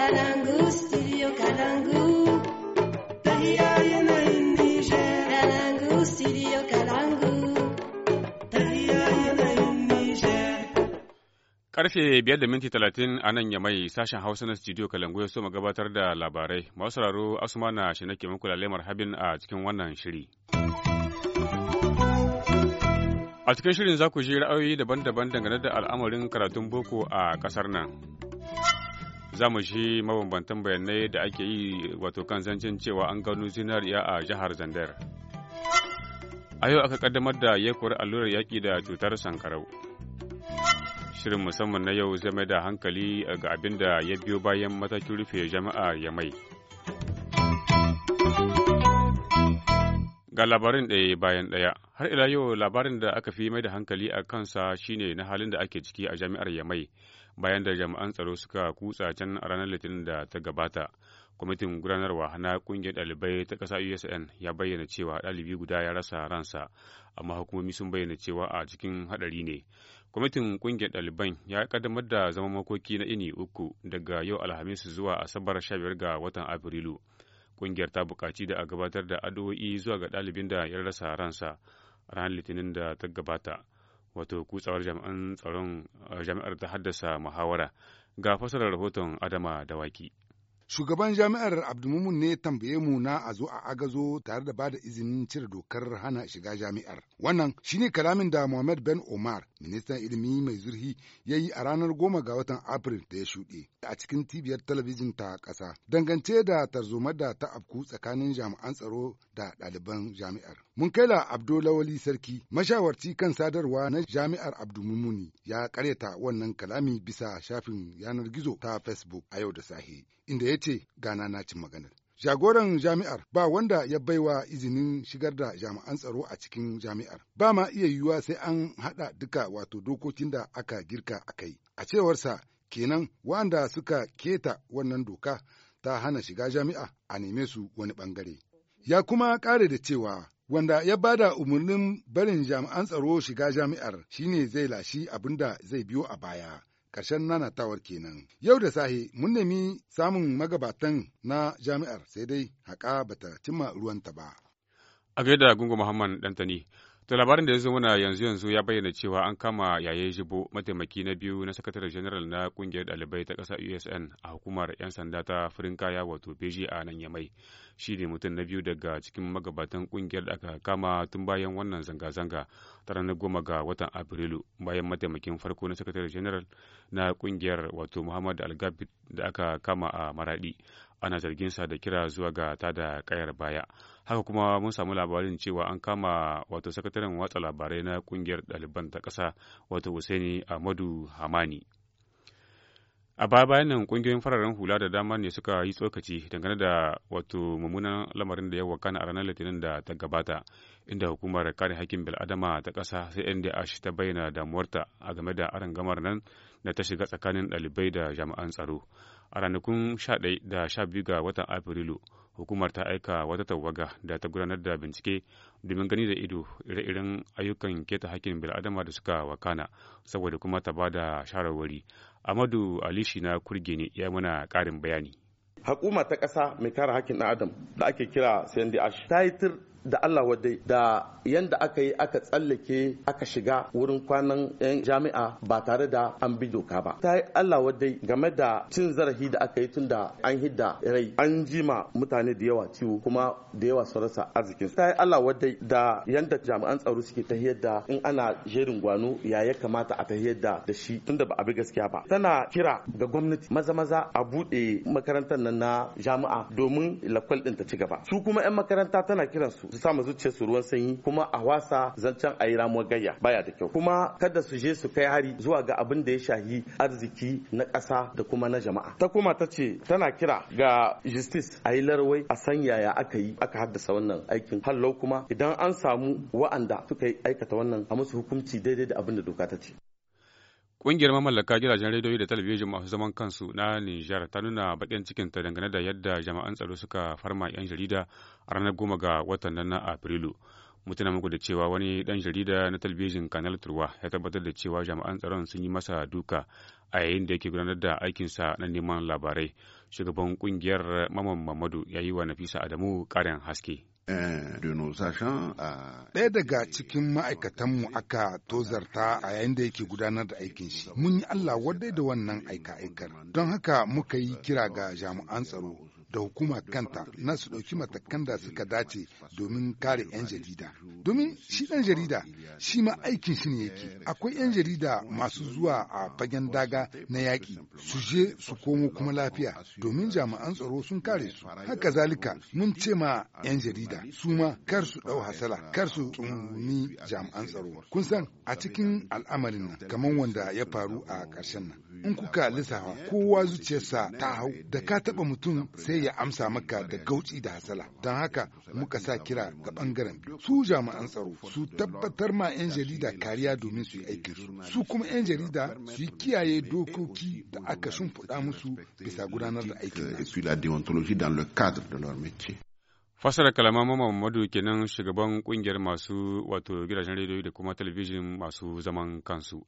Kalangu, Karfe biyar da minti talatin a nan ya mai sashen Hausa na studio Kalangu ya so gabatar da labarai. Masu sauraro Asumana shi nake muku lalemar habin a cikin wannan shiri. A cikin shirin za ku ji ra'ayoyi daban-daban dangane da al'amarin karatun boko a ƙasar nan. za mu shi mabambantan bayanai da ake yi wato kan zancen cewa an gano zinariya a jihar Zandar. A yau aka kaddamar da yakuwar allurar yaƙi da cutar sankarau. Shirin musamman na yau zai mai da hankali ga abin da ya biyo bayan matakin rufe jama'a ya mai. Ga labarin ɗaya bayan ɗaya, har ila yau labarin da aka fi mai da hankali a kansa shine na halin da ake ciki a jami'ar Yamai bayan da jami'an tsaro suka kutsa can a ranar Litinin da ta gabata. Kwamitin gudanarwa na kungiyar ɗalibai ta kasa USN ya bayyana cewa ɗalibi guda ya rasa ransa, amma hukumomi sun bayyana cewa a cikin haɗari ne. Kwamitin ƙungiyar ɗaliban ya kaddamar da zaman makoki na ini uku daga yau Alhamis zuwa Asabar 15 ga watan Afrilu. Ƙungiyar ta bukaci da a gabatar da addu'o'i zuwa ga ɗalibin da ya rasa ransa ranar Litinin da ta gabata. Wato kutsawar jami'an tsaron eh, jami'ar ta haddasa muhawara ga fasarar rahoton Adama da Dawaki. Shugaban jami'ar Abdulmumun ne tambaye mu na a zo a agazo tare da bada izinin cire dokar hana shiga jami'ar. Wannan shine kalamin da Mohammed Ben Omar ministan ilimi mai zurhi ya yi a ranar goma ga watan Afril da ya shuɗe a cikin tibiyar talabijin ta ƙasa dangance da tarzomar da ta afku tsakanin jami'an tsaro da ɗaliban jami'ar. Mun kai la Abdulawali Sarki mashawarci kan sadarwa na jami'ar Abdulmumuni ya ƙaryata wannan kalami bisa shafin yanar gizo ta Facebook a yau da sahe inda ya ce gana na cin maganar. Jagoran jami'ar ba wanda ya baiwa izinin shigar da jami'an tsaro a cikin jami'ar. Ba ma iya yiwuwa sai an haɗa duka wato dokokin da aka girka a kai. A cewarsa kenan wanda suka keta wannan doka ta hana shiga jami'a a neme su wani bangare Ya kuma kare da cewa wanda ya bada umarnin barin jami'an tsaro shiga jami'ar shine zai lashi abin da zai biyo a baya ƙarshen tawar kenan. Yau da sahi mun nemi samun magabatan na jami'ar sai dai haƙa bata cimma ruwanta ba. A gaida Gungu Muhammad Dantani. da labarin da ya zo mana yanzu yanzu ya bayyana cewa an kama yaye jibo mataimaki na biyu na sakatare general na kungiyar dalibai ta kasa USN a hukumar 'yan sanda ta firin kaya wato beji a nan yamai shi ne mutum na biyu daga cikin magabatan kungiyar da aka kama tun bayan wannan zanga-zanga ta ranar goma ga watan Afrilu bayan mataimakin farko na sakatare general na kungiyar wato Muhammad Algabit da aka kama a Maradi. ana zargin sa da kira zuwa ga ta da kayar baya haka kuma mun samu labarin cewa an kama wato sakataren watsa labarai na kungiyar ɗaliban ta ƙasa wato Husaini Ahmadu Hamani a baya bayan nan kungiyoyin fararen hula da dama ne suka yi tsokaci dangane da wato mummunan lamarin da ya wakana a ranar litinin da ta gabata inda hukumar kare hakkin bil'adama ta ƙasa sai ndh ta bayyana damuwarta a game da arangamar nan da ta shiga tsakanin ɗalibai da jami'an tsaro a ranakun 11 da 12 ga watan afrilu hukumar ta aika wata tawaga da ta gudanar da bincike domin gani da ido ire-iren ayyukan keta hakkin bil'adama da suka wakana saboda kuma ta ba da shawarwari amadu alishi na kurge ne ya mana ƙarin bayani hakuma ta ƙasa mai kare hakkin ɗan adam da ake kira cndh ta yi tir da Allah wadai da yanda aka yi aka tsallake aka shiga wurin kwanan 'yan jami'a ba tare da an bi doka ba. Ta yi Allah wadai game da cin zarafi da aka yi tun da an hidda rai an jima mutane da yawa ciwo kuma da yawa su rasa arzikin. Ta yi Allah wadai da yanda jami'an tsaro suke ta da in ana jerin gwano ya ya kamata a ta da da shi tun da ba a bi gaskiya ba. Tana kira ga gwamnati maza maza a buɗe makarantar nan na jami'a domin lakwal ɗin ta ci gaba. Su kuma 'yan makaranta tana kiransu Su sama zuciya su ruwan sanyi kuma a wasa zancen yi ramuwar gayya baya da kyau kuma kada su je su kai hari zuwa ga abin da ya shahi arziki na ƙasa da kuma na jama'a ta kuma ta ce tana kira ga justice a yi larwai a san yaya aka yi aka haddasa wannan aikin hallau kuma idan an samu wa'anda suka yi aikata wannan a musu hukunci daidai da abin da doka ta ce Ƙungiyar mamallaka gidajen rediyo da talabijin masu zaman kansu na Nijar ta nuna baƙin ta dangane da yadda jama'an tsaro suka farma 'yan jarida a ranar goma ga watan nan na Afrilu. Mutuna muku da cewa wani ɗan jarida na talabijin Kanal Turwa ya tabbatar da cewa jama'an tsaron sun yi masa duka a yayin da yake gudanar da aikinsa na neman labarai. Shugaban ƙungiyar Maman Mamadu ya yi wa Nafisa Adamu ƙarin haske. Eh, Ɗaya daga cikin ma'aikatanmu aka tozarta a yayin da yake gudanar da aikin shi. Mun yi Allah wadai da wannan aika-aikar. Don haka muka yi kira ga jami'an tsaro da hukuma kanta na su ɗauki matakan da suka dace domin kare 'yan jarida. Domin shi ɗan jarida shi ma aikin shi ne yake. Akwai 'yan jarida masu zuwa a fagen daga na yaƙi su je su komo kuma lafiya domin jami'an tsaro sun kare su. Haka zalika mun ce ma 'yan jarida su ma kar su ɗau hasala kar su tsumuni jami'an tsaro. Kun san a cikin al'amarin nan kamar wanda ya faru a ƙarshen nan. in kuka lissafa kowa zuciyarsa ta hau da ka taba mutum sai ya amsa maka da gauci da hasala don haka muka sa kira ga bangaren su jami'an tsaro su tabbatar ma 'yan jarida kariya domin su yi aikin su su kuma 'yan jarida su kiyaye dokoki da aka shimfiɗa musu bisa gudanar da aikin fasara kalaman Mama Mamadu kenan shugaban kungiyar masu wato gidajen rediyo da kuma talabijin masu zaman kansu.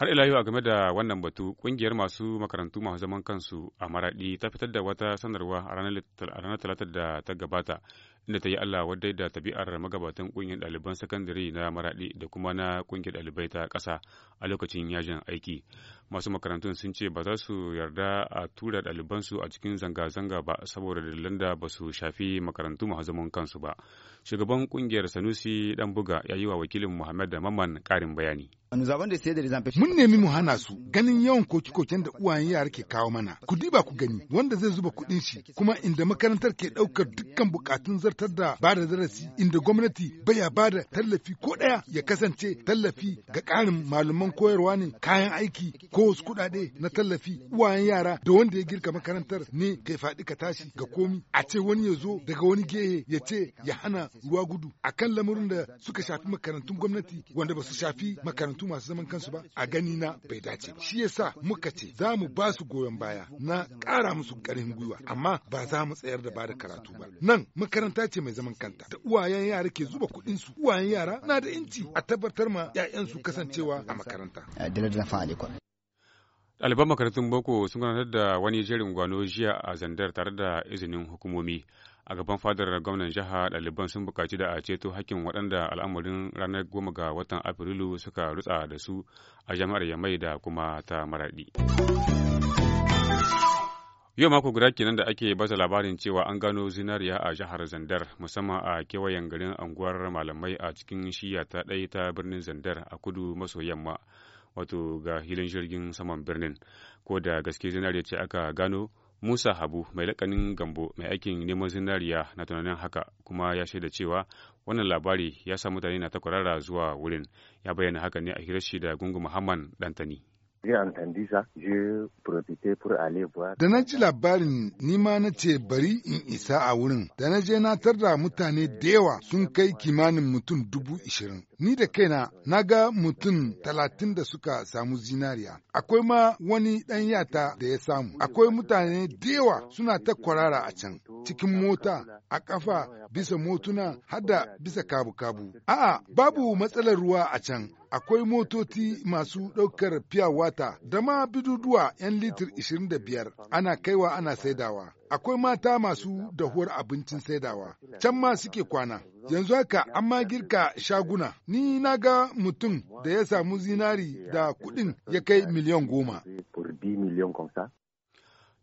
Har ila yau a game da wannan batu, kungiyar masu makarantu masu zaman kansu a Maraɗi ta fitar da wata sanarwa a ranar talatar da ta gabata inda ta yi Allah wadai da tabi'ar magabatan kungiyar ɗaliban sakandare na maraɗi da kuma na kungiyar ɗalibai ta ƙasa a lokacin yajin aiki. Masu makarantun sun ce ba za su yarda a tura ɗalibansu a cikin zanga-zanga ba saboda dalilan da ba su shafi makarantu masu zaman kansu ba. Shugaban ƙungiyar Sanusi dan buga ya yi wa wakilin Muhammad da Maman ƙarin bayani. Mun nemi mu hana su ganin yawan koke-koken da uwayen yara ke kawo mana. Ku diba ku gani wanda zai zuba kuɗin shi kuma inda makarantar ke ɗaukar dukkan bukatun zartar tabbatar da ba da darasi inda gwamnati baya ba da tallafi ko ɗaya ya kasance tallafi ga ƙarin malaman koyarwa ne kayan aiki ko wasu kuɗaɗe na tallafi uwayen yara da wanda ya girka makarantar ne kai faɗi ka tashi ga komi a ce wani ya zo daga wani gehe ya ce ya hana ruwa gudu a kan lamarin da suka shafi makarantun gwamnati wanda ba su shafi makarantu masu zaman kansu ba a gani na bai dace shi shi yasa muka ce za mu ba su goyon baya na ƙara musu ƙarfin gwiwa amma ba za mu tsayar da ba da karatu ba nan makaranta ce mai zaman kanta da uwayen yara ke zuba kuɗin su uwayen yara na da inci a tabbatar ma 'ya'yansu kasancewa a makaranta. Ɗaliban makarantun boko sun gudanar da wani jerin gwano jiya a zandar tare da izinin hukumomi a gaban fadar gwamnan jiha ɗaliban sun bukaci da a ceto hakkin waɗanda al'amarin ranar goma ga watan afrilu suka rutsa da su a jami'ar yamai da kuma ta maraɗi. Yau mako guda kenan da ake baza labarin cewa an gano zinariya a jihar Zandar musamman a kewayen garin anguwar malamai a cikin shiya ta ɗaya ta birnin Zandar a kudu maso yamma wato ga hilin jirgin saman birnin. Ko da gaske zinariya ce aka gano Musa Habu mai lakanin gambo mai aikin neman zinariya na tunanin haka kuma ya shaida cewa wannan labari ya sa mutane na ta zuwa wurin ya bayyana haka ne a hirar shi da gungu Muhammad Dantani. Da na ji labarin ni ma na ce bari in isa a wurin, da na je na tarda mutane da yawa sun kai kimanin mutum dubu ishirin. Ni da kaina na ga mutum talatin da suka samu zinariya. Akwai ma wani ɗan yata da ya samu. Akwai mutane da yawa suna ta kwarara a can, cikin mota, a ƙafa, bisa motuna, hada bisa kabu-kabu. A'a, babu matsalar ruwa a can. akwai motoci masu ɗaukar fiya wata da ma biduduwa 'yan litir 25 ana kaiwa ana saidawa. akwai mata masu dahuwar abincin saidawa, can ma suke kwana. Yanzu haka an ma girka shaguna, ni na ga mutum da ya samu zinari da kuɗin ya kai miliyan goma.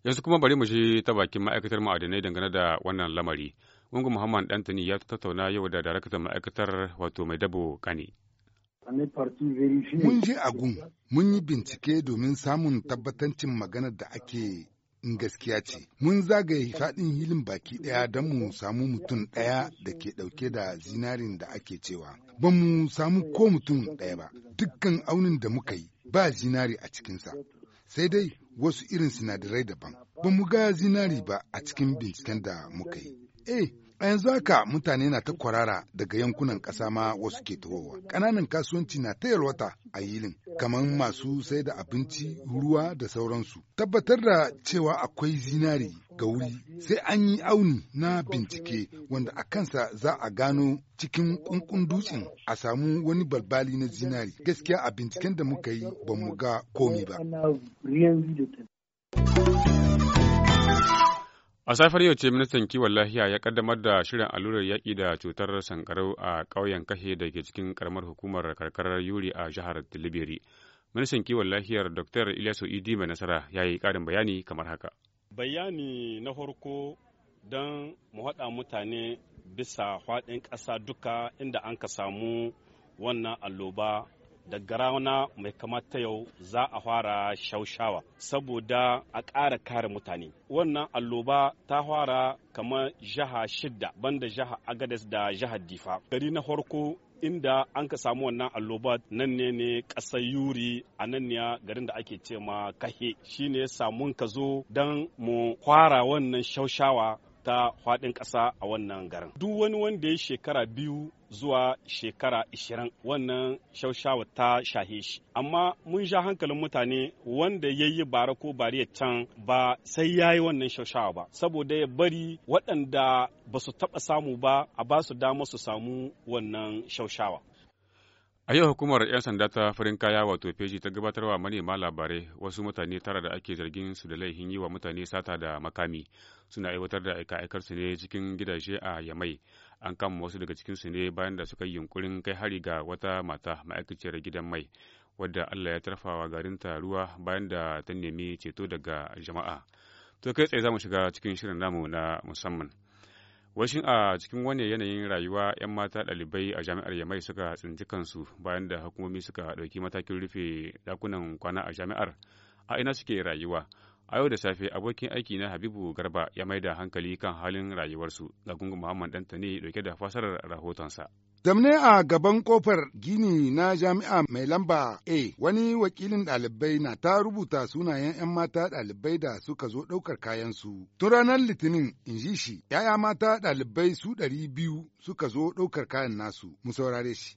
Yanzu kuma bari mu shi ta bakin ma'aikatar ma'adanai dangane da wannan lamari. Gungun Muhammad Dantani ya tattauna yau da daraktar ma'aikatar wato mai dabo kani Mun je a gun, mun yi bincike domin samun tabbatancin maganar da ake in gaskiya ce. Mun zagaye faɗin hilin baki ɗaya don mu samu mutum ɗaya da ke ɗauke da zinarin da ake cewa. Ba mu samu ko mutum ɗaya ba, dukkan aunin da muka yi ba zinari a cikinsa. Sai dai wasu irin sinadarai daban. Ba mu ga zinari ba a cikin binciken da muka yi. Eh, A yanzu haka mutane na ta kwarara daga yankunan ƙasa ma wasu ke tawowa. Ƙananan kasuwanci na ta yalwata a yilin, kamar masu sai da abinci, ruwa da sauransu. Tabbatar da cewa akwai zinari ga wuri sai an yi auni na bincike wanda a kansa za a gano cikin kunkun dutsen a samu wani balbali na zinari. Gaskiya a binciken da muka yi ba mu ga komi ba. A safar yau ce ministan kiwon lafiya ya kaddamar da shirin allurar yaƙi da cutar sankarau a ƙauyen kashe da ke cikin karamar hukumar karkarar Yuri a jihar Tilibiri. Ministan kiwon lafiyar Dr. Ilyasu Idi mai nasara ya yi ƙarin bayani kamar haka. Bayani na farko don mu haɗa mutane bisa faɗin ƙasa duka inda an ka samu wannan alloba daga rana mai kamata yau za a fara shaushawa saboda a ƙara kare mutane wannan alloba ta fara kamar jiha shidda banda jiha agades da jihar difa gari na farko inda an ka samu wannan alloba nan ne ne ƙasar yuri a nan ne garin da ake ce ma kahe shine samun ka zo don mu fara wannan shaushawa ta faɗin ƙasa a wannan garin. Duk wani wanda ya shekara biyu zuwa shekara ishirin wannan shaushawa ta shahe shi. Amma mun sha hankalin mutane wanda ya yi bara ko bari ya can ba sai ya yi wannan shaushawa ba, saboda ya bari waɗanda ba su taɓa samu ba a ba su dama su samu wannan shaushawa. A yau hukumar 'yan sanda ta farin kaya wato feji ta gabatar wa manema labarai wasu mutane tara da ake zargin su da laifin yi wa mutane sata da makami suna aiwatar da aika su ne cikin gidaje a Yamai. An kama wasu daga cikin su ne bayan da suka yi yunkurin kai hari ga wata mata ma'aikaciyar gidan mai wadda Allah ya tarfawa garinta ruwa bayan da ta nemi ceto daga jama'a. To kai tsaye za mu shiga cikin shirin namu na musamman. Washin a cikin wani yanayin rayuwa 'yan mata ɗalibai a jami'ar Yamai suka tsinci kansu bayan da hukumomi suka ɗauki matakin rufe ɗakunan kwana a jami'ar a ina suke rayuwa. A yau da safe abokin aiki na Habibu Garba ya mai da hankali kan halin rayuwarsu ga gungun Muhammad Dantane ɗauke da fasarar rahotonsa. Zamne a gaban kofar gini na jami'a mai lamba A wani wakilin ɗalibai na ta rubuta sunayen 'yan mata ɗalibai da suka zo ɗaukar kayansu. Tun ranar Litinin in ji shi, 'ya'ya mata ɗalibai su ɗari biyu suka zo ɗaukar kayan nasu, mu saurare shi.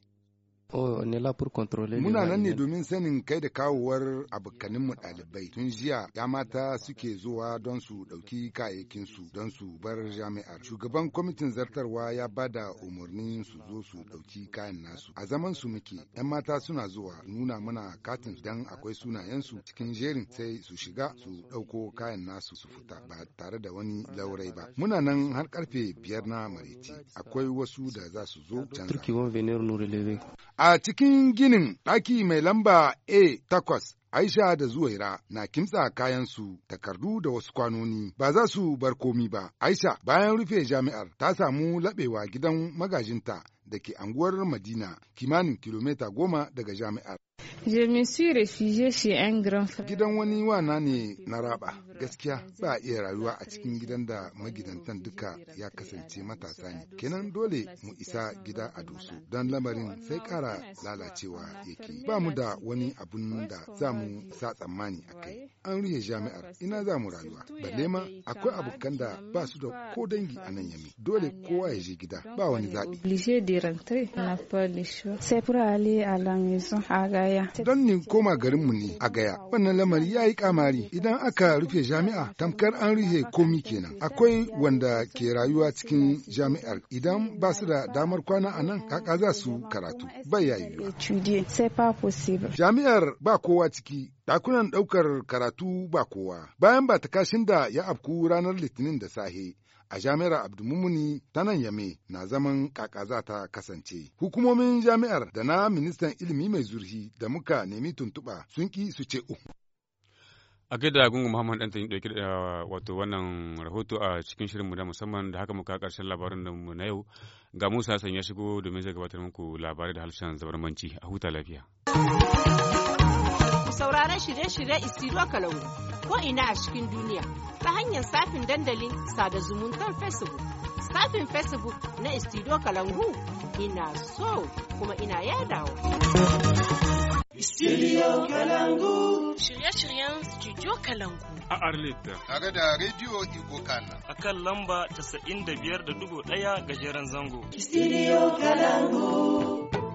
Oh, Muna nan ne domin sanin kai da kawowar abokaninmu ɗalibai tun jiya ya mata suke zuwa don su ɗauki su don su bar jami'ar. Shugaban kwamitin zartarwa ya ba da umarnin su zo su ɗauki kayan nasu. A zaman su muke, 'yan mata suna zuwa nuna mana katin dan akwai sunayensu cikin jerin sai su shiga su ɗauko kayan nasu su fita ba tare da wani laurai ba. Muna nan har karfe biyar na maraice akwai wasu da za su zo canza. A cikin ginin ɗaki mai lamba A takwas Aisha da Zuwaira na kimtsa kayansu, takardu da wasu kwanoni, ba za su bar komi ba. Aisha bayan rufe jami'ar ta samu laɓewa gidan magajinta da ke anguwar Madina, kimanin kilomita goma daga jami'ar. Gidan wani wana ne na raba, gaskiya ba a iya rayuwa a cikin gidan da magidantan duka ya kasance matasa ne. Kenan dole mu isa gida a dusu don lamarin sai kara lalacewa yake. Ba mu da wani abun da za mu sa tsammani a kai. An rufe jami'ar ina za mu rayuwa. Balle ma akwai abokan da ba su da ko dangi a nan yami. Dole kowa ya je gida ba wani zaɓi. gaya. Don ni koma garinmu ne a gaya. Wannan lamari ya yi kamari idan aka rufe jami'a tamkar an rufe komi kenan. Akwai wanda ke rayuwa cikin jami'ar idan ba su da damar kwana a nan kaka za su karatu bai yayi Jami'ar ba kowa ciki ɗakunan ɗaukar karatu ba kowa bayan ba ta kashin da ya afku ranar litinin da sahe a jami'ar Abdulmumuni ta nan Yame na zaman za ta kasance. Hukumomin jami'ar da na ministan ilimi mai zurfi da muka nemi tuntuɓa sun ki su ce uku. a gaida gungun muhammad ta yi ɗauki da uh, wato wannan rahoto a cikin shirinmu da musamman da haka muka karshen labarin da mu na yau ga musa san ya shigo domin zai gabatar muku labarai da harshen zabarmanci a huta lafiya sauraron shirye-shirye istiro kalangu ko'ina a cikin duniya ta hanyar safin dandalin sada zumuntar facebook safin facebook na istido kalangu ina so kuma ina yadawa Studio Kalangu. Shirye-shiryen Studio Kalangu. A Arlita. Tare da Radio Igbo Kana. A kan lamba 95.1 gajeren zango. Studio Kalangu.